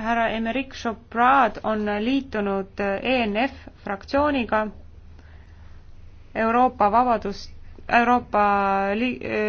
härra Emerick Choprad on liitunud ENF fraktsiooniga Euroopa Vabadust, Euroopa li-,